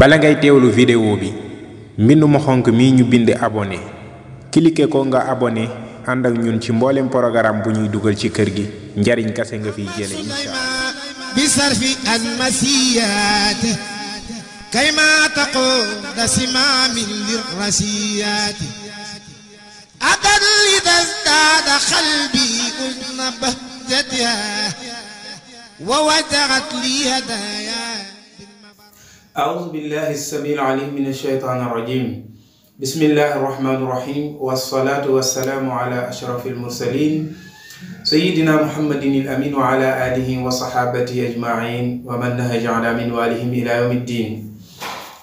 bala ngay teewlu vidéo bi mbind xonk mi ñu bind abonné cliquer ko nga abonné ànd ñun ci mboolem programme bu ñuy dugal ci kër gi njariñ kase nga fi jële insha Allah bi sarfi almasiyaat kay ma taqooda simaamin lirrasiyaat adan li tasdaada xalbi usna wa wajaxat li hadaaya أعوذ بالله السميع العليم من الشيطان الرجيم بسم الله الرحمن الرحيم والصلاة والسلام على أشرف المرسلين سيدنا محمد الأمين وعلى آله وصحابته أجمعين ومن نهج على منوالهم إلى يوم الدين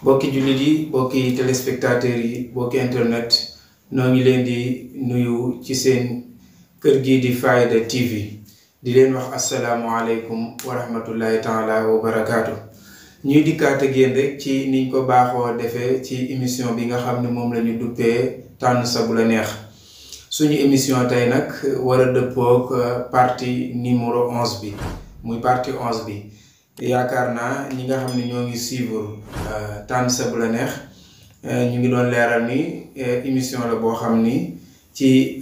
bokki jullit yi bokki téléspectateurs yi bokki internet noo ngi leen di nuyu ci seen kër gi di Faaida TV di leen wax asalaamualeykum wa rahmatullahi taala wa barakaatu ñuy dikkaat ak rekk ci niñ ko baaxoo defee ci émission bi nga xam ne moom la ñu duppee tànn sa la neex suñu émission tey nag war a dëppoog euh, parti numéro onze bi muy parti onze bi te yaakaar naa ñi nga xam ne ñoo ngi suivre euh, tànn sa bu la neex euh, ñu ngi doon leeral ni émission la boo xam ni ci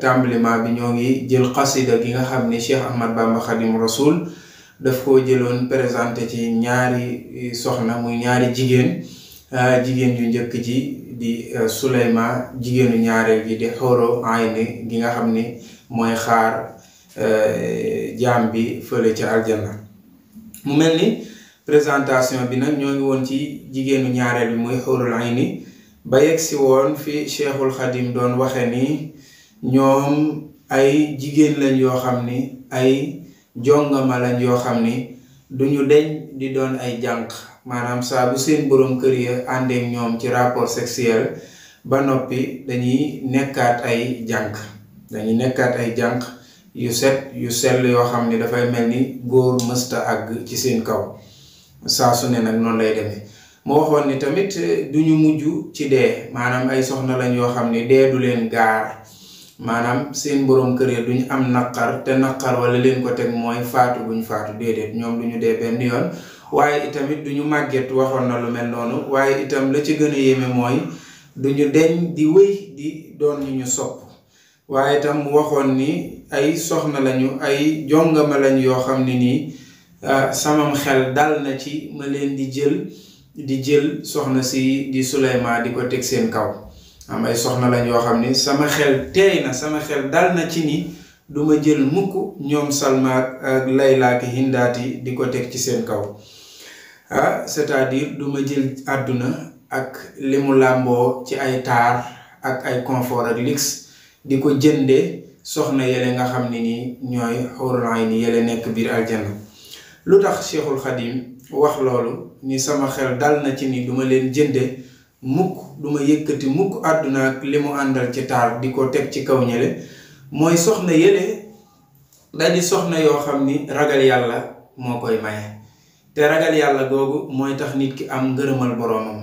tàmbaliment bi ñoo ngi jël xasida gi nga xam ni Cheikh Ahmad Bamba Khadim Rasoul daf koo jëloon présenté ci ñaari eh, soxna muy ñaari jigéen ah, jigéen yu njëkk ji di eh, Suleyma jigéenu ñaareel bi di xoolo ayni gi nga xam ni mooy xaar eh, jaam bi fële ci aljanna mu mel ni présentation bi nag ñoo ngi woon ci jigéenu ñaareel bi muy xurul ayni ba yegg si woon fi cheikhul xadim doon waxe ni ñoom ay jigéen lañ yoo xam ni ay jongama lañ yoo xam ni duñu deñ di doon ay jànq maanaam saa bu seen boroom kër ya àndeek ñoom ci rapport sexuel ba noppi dañuy nekkaat ay jànq dañuy nekkaat ay jànq yu set yu sell yoo xam ni dafay mel ni góor mësta ak ci seen kaw saa su ne nag noonu lay demee moo waxoon ni tamit duñu mujj ci dee maanaam ay soxna lañ yoo xam ni dee du leen gaar maanaam seen boroom kër ya duñu am naqar te naqar wala leen ko teg mooy faatu buñ faatu déedéet ñoom duñu dee benn yoon waaye itamit duñu màgget waxoon na lu mel noonu waaye itam la ci gën a yéeme mooy duñu deñ di wéy di doon ñu ñu sopp waaye itam mu waxoon ni ay soxna lañu ay jongama lañu yoo xam ne nii ah, samam xel dal na ci ma leen di jël di jël soxna si di Suleymaan di ko teg seen kaw am ay soxna lañ yoo xam ni sama xel teey na sama xel dal na ci ni duma jël mukk ñoom Salma ak Layla Hindaati di ko teg ci seen kaw ah cest à duma jël àdduna ak limu mu làmboo ci ay taar ak ay confort ak luxe di ko jënde soxna yele nga xam ni ñooy xurlaay ni yele nekk biir aljanna lu tax Cheikhul Xadim wax loolu ni sama xel dal na ci ni duma leen jënde mukk du yëkkati mukk àdduna ak li mu àndal ci taar di ko teg ci kaw ñële mooy soxna yële dañu soxna yoo xam ni ragal yàlla moo koy may te ragal yàlla googu mooy tax nit ki am ngërëmal boroomam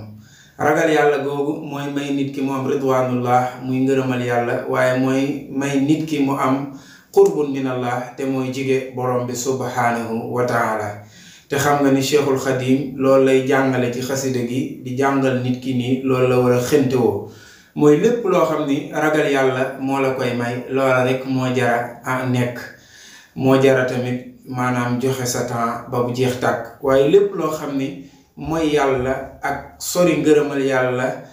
ragal yàlla googu mooy may nit ki mu am ridwaanullah muy ngërëmal yàlla waaye mooy may nit ki mu am qurbun minallah te mooy jige borom bi subhanahu wa taala te xam nga ni cheikhul xadim lool lay jàngale ci xasida gi di jàngal nit ki nii loolu la war a xëntewoo mooy lépp loo xam ni ragal yàlla moo la koy may loola rek moo jara nekk moo jara tamit maanaam joxe sa temps ba jeex tàkk waaye lépp loo xam ni mooy yàlla ak sori ngërëmal yàlla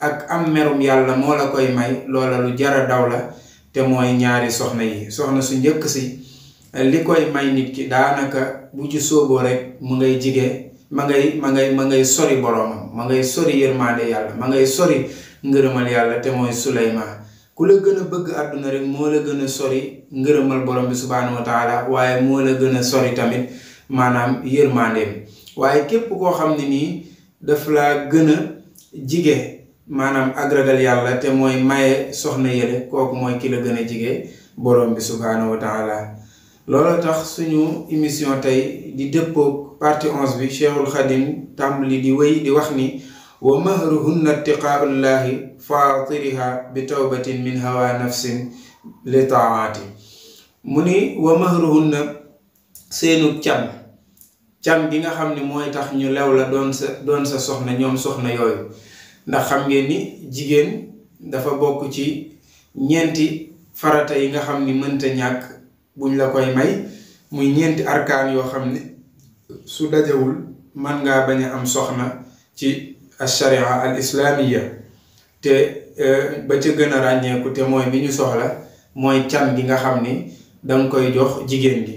ak am yàlla moo la koy may lu jara daw la te mooy ñaari soxna yi soxna su njëkk si li koy may nit ki daanaka bu ci sóoboo rek mu ngay jige ma ngay ma ngay ma ngay sori boroomam ma ngay sori yërmaande yàlla ma ngay sori ngërëmal yàlla te mooy Suleymaan ku la gën a bëgg àdduna rek moo la gën a sori ngërëmal borom bi subhaanahu wa taala waaye moo la gën a sori tamit maanaam yërmandeem waaye képp koo xam ne nii daf laa gën a jige maanaam ak ragal yàlla te mooy maye soxna yële kooku mooy ki la gën a jige borom bi subhaanahu wa loolu tax suñu émission tey di dëppoog partie onze bi cheikhul xadim tàmbali di wéy di wax ni wa mahruhunna tiqaullahi fatiriha bi tawbatin min hawa nafsin li mu ni wa mahruhunna seenu cam cam bi nga xam ni mooy tax ñu lew la doon sa doon sa soxna ñoom soxna yooyu ndax xam ngeen ni jigéen dafa bokk ci ñeenti farata yi nga xam ni mënta ñàkk buñ la koy may muy ñeenti arkaan yoo xam ne su dajewul mën ngaa bañ am soxna ci asharia al islaamiya te euh, ba ca gën a ràññeeku te mooy bi ñu soxla mooy can gi nga xam ni danga koy jox jigéen gi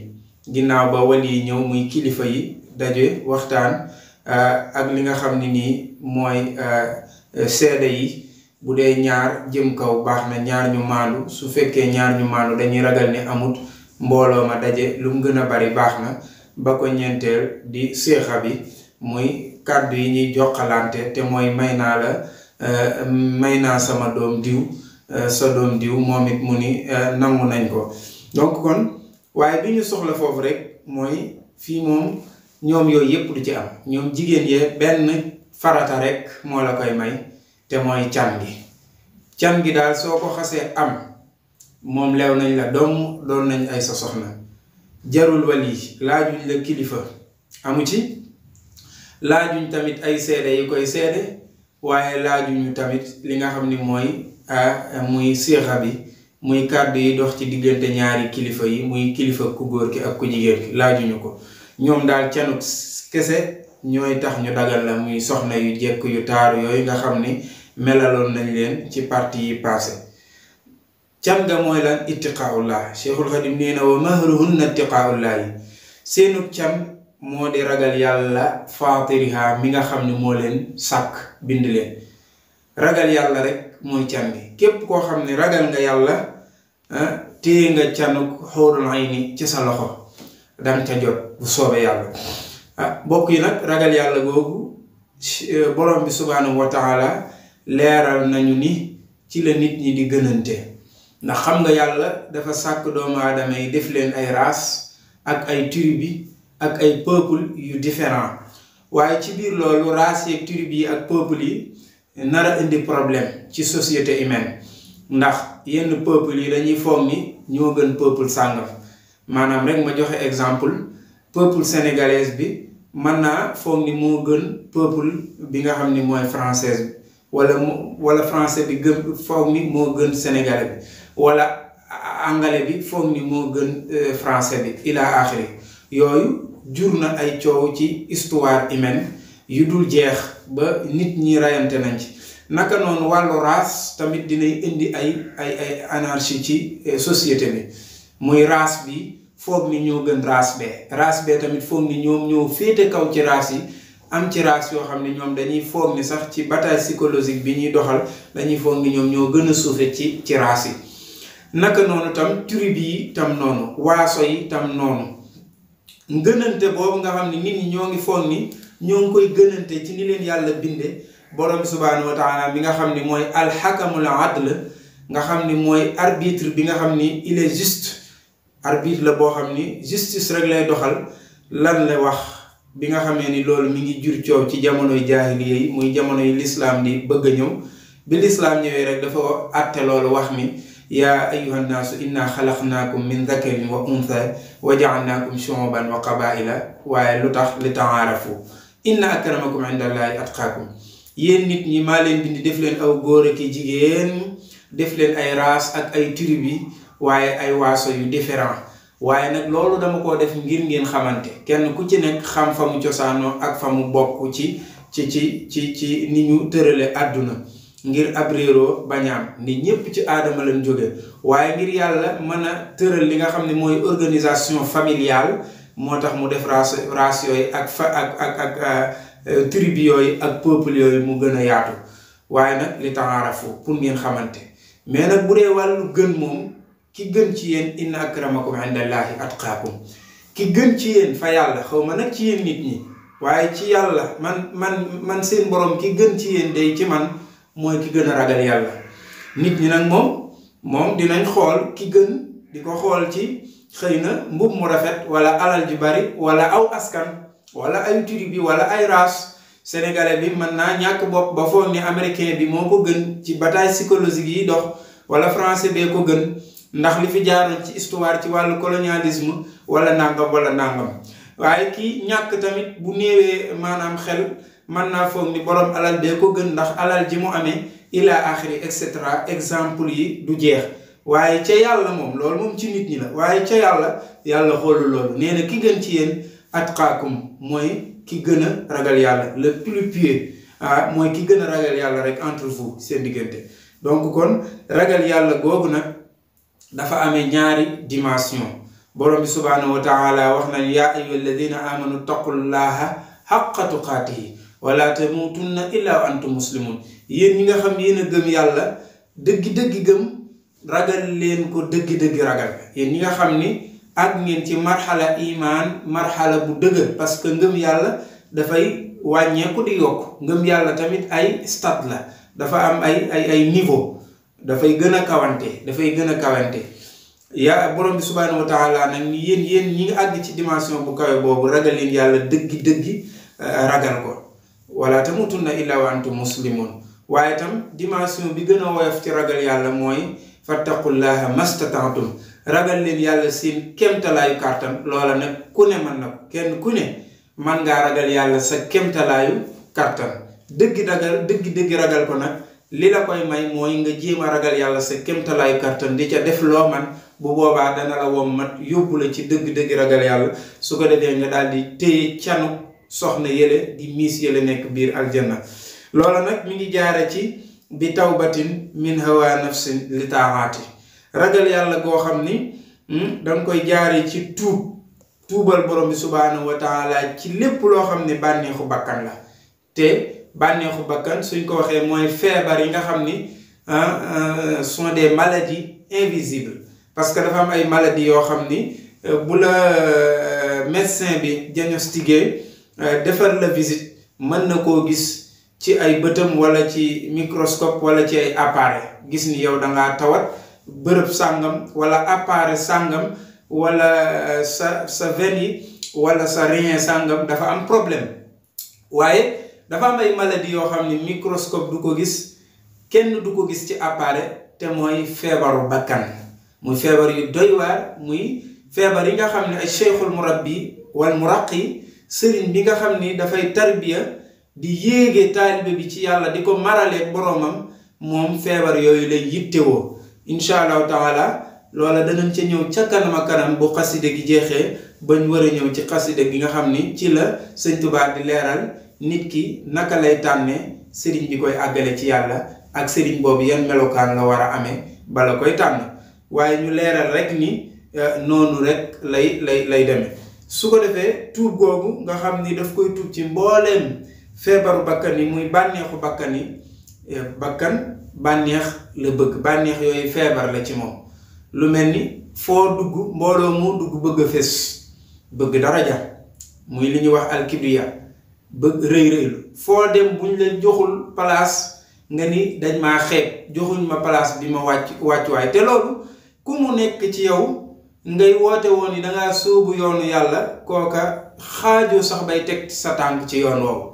ginnaaw ba wal yi ñëw muy kilifa yi daje waxtaan euh, ak li nga xam ne nii mooy euh, seede yi bu dee ñaar jëm kaw baax na ñaar ñu maandu su fekkee ñaar ñu maandu dañuy ragal ne amut mbooloo ma daje lu mu gën a bari baax na ba ko ñeenteel di séexa bi muy kàddu yi ñuy joxalante te mooy may naa la eh, may naa sama doom diw eh, sa doom diw moom it mu ni eh, nangu nañ ko donc kon waaye bi ñu soxla foofu rek mooy fii moom ñoom yooyu yépp du ci am ñoom jigéen yee benn farata rek moo la koy may te mooy can gi can gi daal soo ko xasee am moom leew nañ la doom doon nañ ay sa soxna jarul wali laajuñ la kilifa amu ci laajuñ tamit ay seede yi koy seede waaye laajuñu tamit li nga xam ni mooy muy siixa bi muy kàdd yi dox ci diggante ñaari kilifa yi muy kilifa ku góor ki ak ku jigéen ki laajuñu ko ñoom daal canuk kese ñooy tax ñu dagal la muy soxna yu jekk yu taaru yooyu nga xam ni melaloon nañ leen ci parti yi passé cam ga mooy lan ittiqaa'ullah Cheikhul Xadim nee na wa mahruhunna ittiqaa'ullahi seenu can moo di ragal yàlla faatiriha mi nga xam ne moo leen sàkk bind leen ragal yàlla rek mooy can bi képp koo xam ne ragal nga yàlla ah, téye nga canuk xóorul ay ni ci sa loxo danga ca jot bu soobee yàlla ah yi nag ragal yàlla googu eh, borom bi subhaanahu wa leeral nañu ni ci la nit ñi di gënante ndax xam nga yàlla dafa sàkk doomu aadama yi def leen ay race ak ay bi ak ay peuple yu différent waaye ci biir loolu race yeeg tribu yi ak peuple yi nar indi problème ci société humaine ndax yenn peuple yi dañuy foog ni ñoo gën peuple sàngam maanaam rek ma joxe exemple peuple sénégalaise bi mën naa foog ni moo gën peuple bi nga xam ni mooy française bi wala mu wala français bi gën foog ni moo gën sénégalais bi wala angale bi foog ni moo gën euh, français bi ila axiri yooyu jur na ay coow ci histoire humaine yu dul jeex ba nit ñi reyante nañ ci naka noonu wàllu race tamit dinay indi ay ay ay anarchie ci euh, société bi muy race bi foog ni ñoo gën race bee race bee tamit foog ni ñoom ñoo féete kaw ci race yi am ci race yoo xam ne ñoom dañuy foog ni sax ci bataille psychologique bi ñuy doxal dañuy foog ni ñoom ñoo gën a suufe ci ci yi naka noonu tam tribu yi tam noonu waaso yi tam noonu ngënante boobu nga xam ne nit ñi ñoo ngi foog ni ñoo ngi koy gënante ci ni leen yàlla binde borom subhaanahu wa bi nga xam ni mooy alxakamul adl nga xam ni mooy arbitre bi nga xam ni il est juste arbitre la boo xam ni justice rek lay doxal lan la wax bi nga xamee ni loolu mi ngi jur coow ci jamonoy jaahiliya yi muy jamonoy lislaam ni bëgg a ñëw bi lislaam ñëwee rek dafa àtte loolu wax mi yaa ayuha nnaasu inna xalaqnaakum min dakarin wa untha wa jaalnaakum shuuban wa la waaye lu tax li taarafu inna akramakum indallahi atqaakum yéen nit ñi maa leen bindi def leen aw góor ak jigéen def leen ay raas ak ay tribu waaye ay waaso yu différent waaye nag loolu dama ko def ngir ngeen xamante kenn ku ci nekk xam fa mu cosaanoo ak fa mu bokk ci ci ci ci ci ni ñu tërale àdduna ngir ab réeroo bañ am nit ñépp ci aadama lañ jóge waaye ngir yàlla mën a tëral li nga xam ne mooy organisation familial moo tax mu def race race yooyu ak fa ak ak ak euh, tribu yooyu ak peuple yooyu mu gën a yaatu waaye nag li taxaarafu pour ngeen xamante mais nag bu dee wàllu gën moom ki gën ci yéen inna akramakum indallahi atqaakum ki gën ci yéen fa yàlla xaw ma nag ci yéen nit ñi waaye ci yàlla man man seen borom ki gën ci yéen day ci man mooy ki gën a ragal yàlla nit ñi nag moom moom dinañ xool ki gën di ko xool ci xëy na mbub mu rafet wala alal ju bari wala aw askan wala ay bi wala ay race sénégalais bi mën naa ñàkk bopp ba foog ni américain bi moo ko gën ci bataille psychologique yi dox wala français bee ko gën ndax li fi jaaroon ci histoire ci wàllu colonialisme wala nangam wala nangam waaye ki ñàkk tamit bu néewee maanaam xel mën naa foog ni borom alal dee ko gën ndax alal ji mu amee ila axiri et cetera exemple yi du jeex waaye ca yàlla moom loolu moom ci nit ñi la waaye ca yàlla yàlla xoolul loolu nee ki gën ci at xaakum mooy ki gën a ragal yàlla le plus ah mooy ki gën a ragal yàlla rek entre vous seen diggante donc kon ragal yàlla googu nag dafa amee ñaari dimension borom bi subhaanahu wa taala wax nañ yaa ayyuha alladina amanu taqullaha xaqa yi wala tamuutunna illaa wa antum muslimun yéen ñi nga xam yéen a gëm yàlla dëggi-dëggi gëm ragal leen ko dëggi-dëggi ragal yéen ñi nga xam ni ak ngeen ci marxala imaan marxala bu dëgër parce que ngëm yàlla dafay wàññeeku di yokk yàlla tamit ay stade la dafa am ay ay ay niveau dafay gën a kawante dafay gën a kawante yaa borom bi subhaanahu wa taala nag ni yéen yéen ñi àgg ci dimension bu kawe boobu ragal yàlla dëggi-dëggi ragal ko wala tamutunna illa wa antum muslimun waaye tam dimension bi gën a woyof ci ragal yàlla mooy fattaqullaha mastataatum ragal leen yàlla seen kemtalaayu kàttan loola nag ku ne mën na ko kenn ku ne man ngaa ragal yàlla sa kemtalaayu kàttan dëgg dagal dëgg dëgg ragal ko nag li la koy may mooy nga jéem a ragal yàlla sa kemtalaayu kàttan di ca def loo man bu boobaa dana la wommat yóbbu la ci dëgg dëgg ragal yàlla su ko defee nga daal di téye canu soxna yële di miis yële nekk biir aljanna loola nag mi ngi jaare ci bi tawbatin min hawa nafsin li ragal yàlla goo xam ni hmm, danga koy jaare ci tuub tuubal borom bi subhaanahu wa ci lépp loo xam ne bànneexu bakkan la te bànneexu bakkan suñ ko waxee mooy feebar yi nga xam ni ah, ah, sont des maladies invisibles parce que dafa am ay maladies yoo xam ni euh, bu la euh, médecin bi diagnostiqué Euh, defar la visite mën na koo gis ci ay bëtam wala ci microscope wala ci ay appareil gis ni yow dangaa tawat bërëb sàngam wala appareil sàngam walla euh, sa sa veine yi wala sa rein sàngam dafa am problème waaye dafa am ay maladie yoo xam ne microscope du ko gis kenn du ko gis ci appareil te mooy feebaru bakkan muy feebar yu doy waar muy feebar yi nga xam ne ay cheikhul murabbi wal yi sëriñ bi nga xam ni dafay tarbiya di yéege taalibe bi ci yàlla di ko marale boroomam moom feebar yooyu lay yittewoo incha allah taala loola danañ ca ñëw ca kanam kanam bu xaside gi jeexee bañ war a ñëw ci xaside gi nga xam ni ci la sëñ Tuubaa di leeral nit ki naka lay tànnee sëriñ bi koy àggale ci yàlla ak sëriñ boobu yan melokaan nga war a amee bala koy tànn waaye ñu leeral rek ni eh, noonu rek lay lay lay demee su ko defee tuub googu nga xam ni daf koy tuub ci mbooleem feebaru bàkkan yi muy bànneexu bakkan yi eh, bakkan bànneex la bëgg bànneex yooyu feebar la ci moom lu mel ni foo dugg mbooloo mu dugg bëgg a bëgg daraja muy li ñuy wax alkibriya bëgg rëy rëylu foo dem buñ leen joxul palaas nga ni dañ maa xeeb joxuñ ma place bi ma wàcc wàccuwaay te loolu ku mu nekk ci yow ngay woote woon ni dangaa sóobu yoonu yàlla kooka xaajoo sax bay teg sa tànk ci yoon woowu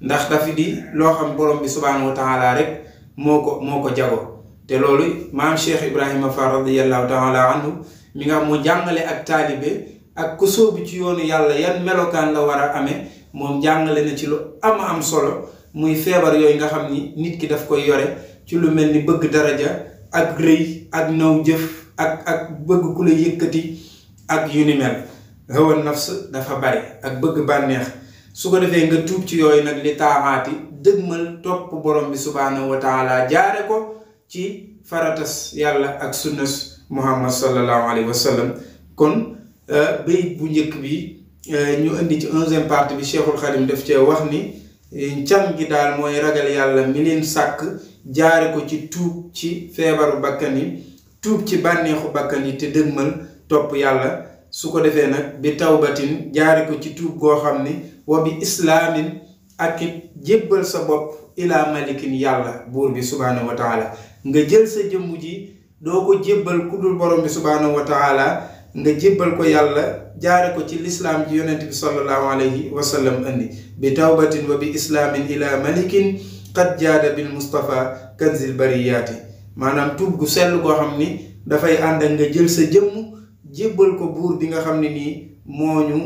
ndax dafi di loo xam borom bi subhaanahu wa taala rek moo ko moo ko jago te loolu maam Cheikh Ibrahima Fall radiyallahu taala anhu mi nga xam mu jàngale ak taalibe ak ku sóobu ci yoonu yàlla yan melokaan la war a ame moom jàngale na ci lu am am solo muy feebar yooyu nga xam ni nit ki daf koy yore ci lu mel ni bëgg daraja ak rëy ak naw jëf ak ak bëgg ku la yëkkati ak yu ni mel hawa nafs dafa bari ak bëgg bànneex su ko defee nga tuub ci yooyu nag li taaxaati dëgmal topp borom bi subhaanahu wa taala jaare ko ci faratas yàlla ak sunnas muhammad sallallahu alayhi wa sallam kon euh, bayit bu njëkk bi euh, ñu indi ci onzième partie bi cheikhul xadim daf cee wax ni euh, cam gi daal mooy ragal yàlla mi leen sàkk jaare ko ci tuub ci feebaru bakkan yi tuub ci bànneexu bakkan yi te dëgmal topp yàlla su ko defee nag bi tawbatin jaari ko ci tuub goo xam ni wa bi islaamin ak it jébbal sa bopp ilaa malikin yàlla buur bi subhaanahu wa nga jël sa jëmm ji doo ko jébbal ku dul borom bi subhaanahu wa nga jébbal ko yàlla jaare ko ci lislaam ji yonent bi sallallahu alayhi wa sallam andi bi tawbatin wa bi islaamin ilaa malikin qad jaada mustafa kanzil bariyaati maanaam tuub gu sell goo xam ni dafay ànd nga jël sa jëmm jébbal ko buur bi nga xam ne nii moo ñu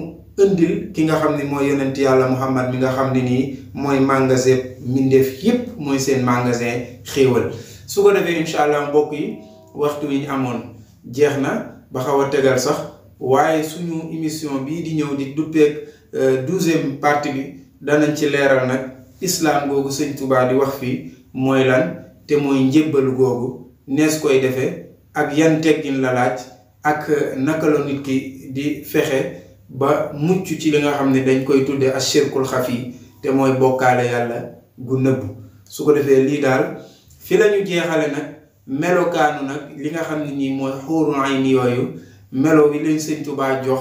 indil ki nga xam ne mooy yonent yàlla muhammad mi nga xam ne nii mooy magasin mbindeef yépp mooy seen magasin xéewal su ko defee incha allah mbokk yi waxtu wi ñu amoon jeex na ba xaw a tegal sax waaye suñu émission bii di ñëw di duppeeg euh, douzième partie bi danañ ci leeral nag islaam googu sëñ Tuubaa di wax fii mooy lan te mooy njébbal googu nees koy defee ak yan teggin la laaj ak euh, naka la nit ki di fexe ba mucc ci li nga xam ne dañ koy tuddee ashirkul yi te mooy bokkaale yàlla gu nëbbu su ko defee lii daal fi la jeexale nag melokaanu nag li nga xam ne nii mooy xuuru ayni yooyu melo bi leen Sëñ Tuubaa jox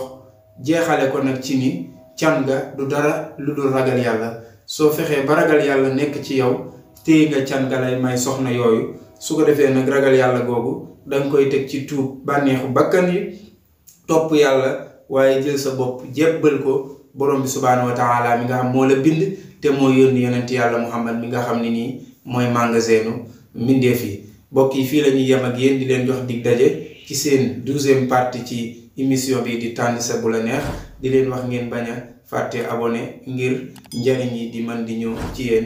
jeexale ko nag ci ni can ga du dara lu dul ragal yàlla soo fexee ba ragal yàlla nekk ci yow téye nga can nga lay may soxna yooyu su ko defee nag ragal yàlla googu danga koy teg ci tuub bànneexu bakkan yi topp yàlla waaye jël sa bopp jébbal ko borom bi subhaanahu wa taala mi nga xam moo bind te moo yónni yonent yàlla muhammad mi nga xam ne nii mooy magasinu mbindeef yi mbokk yi fii la ñuy yem ak yéen di leen jox dig daje ci seen douzième partie ci émission bi di tànn sa bu la neex di leen wax ngeen bañ a fàtte abonné ngir njariñ yi di man di ñëw ci yéen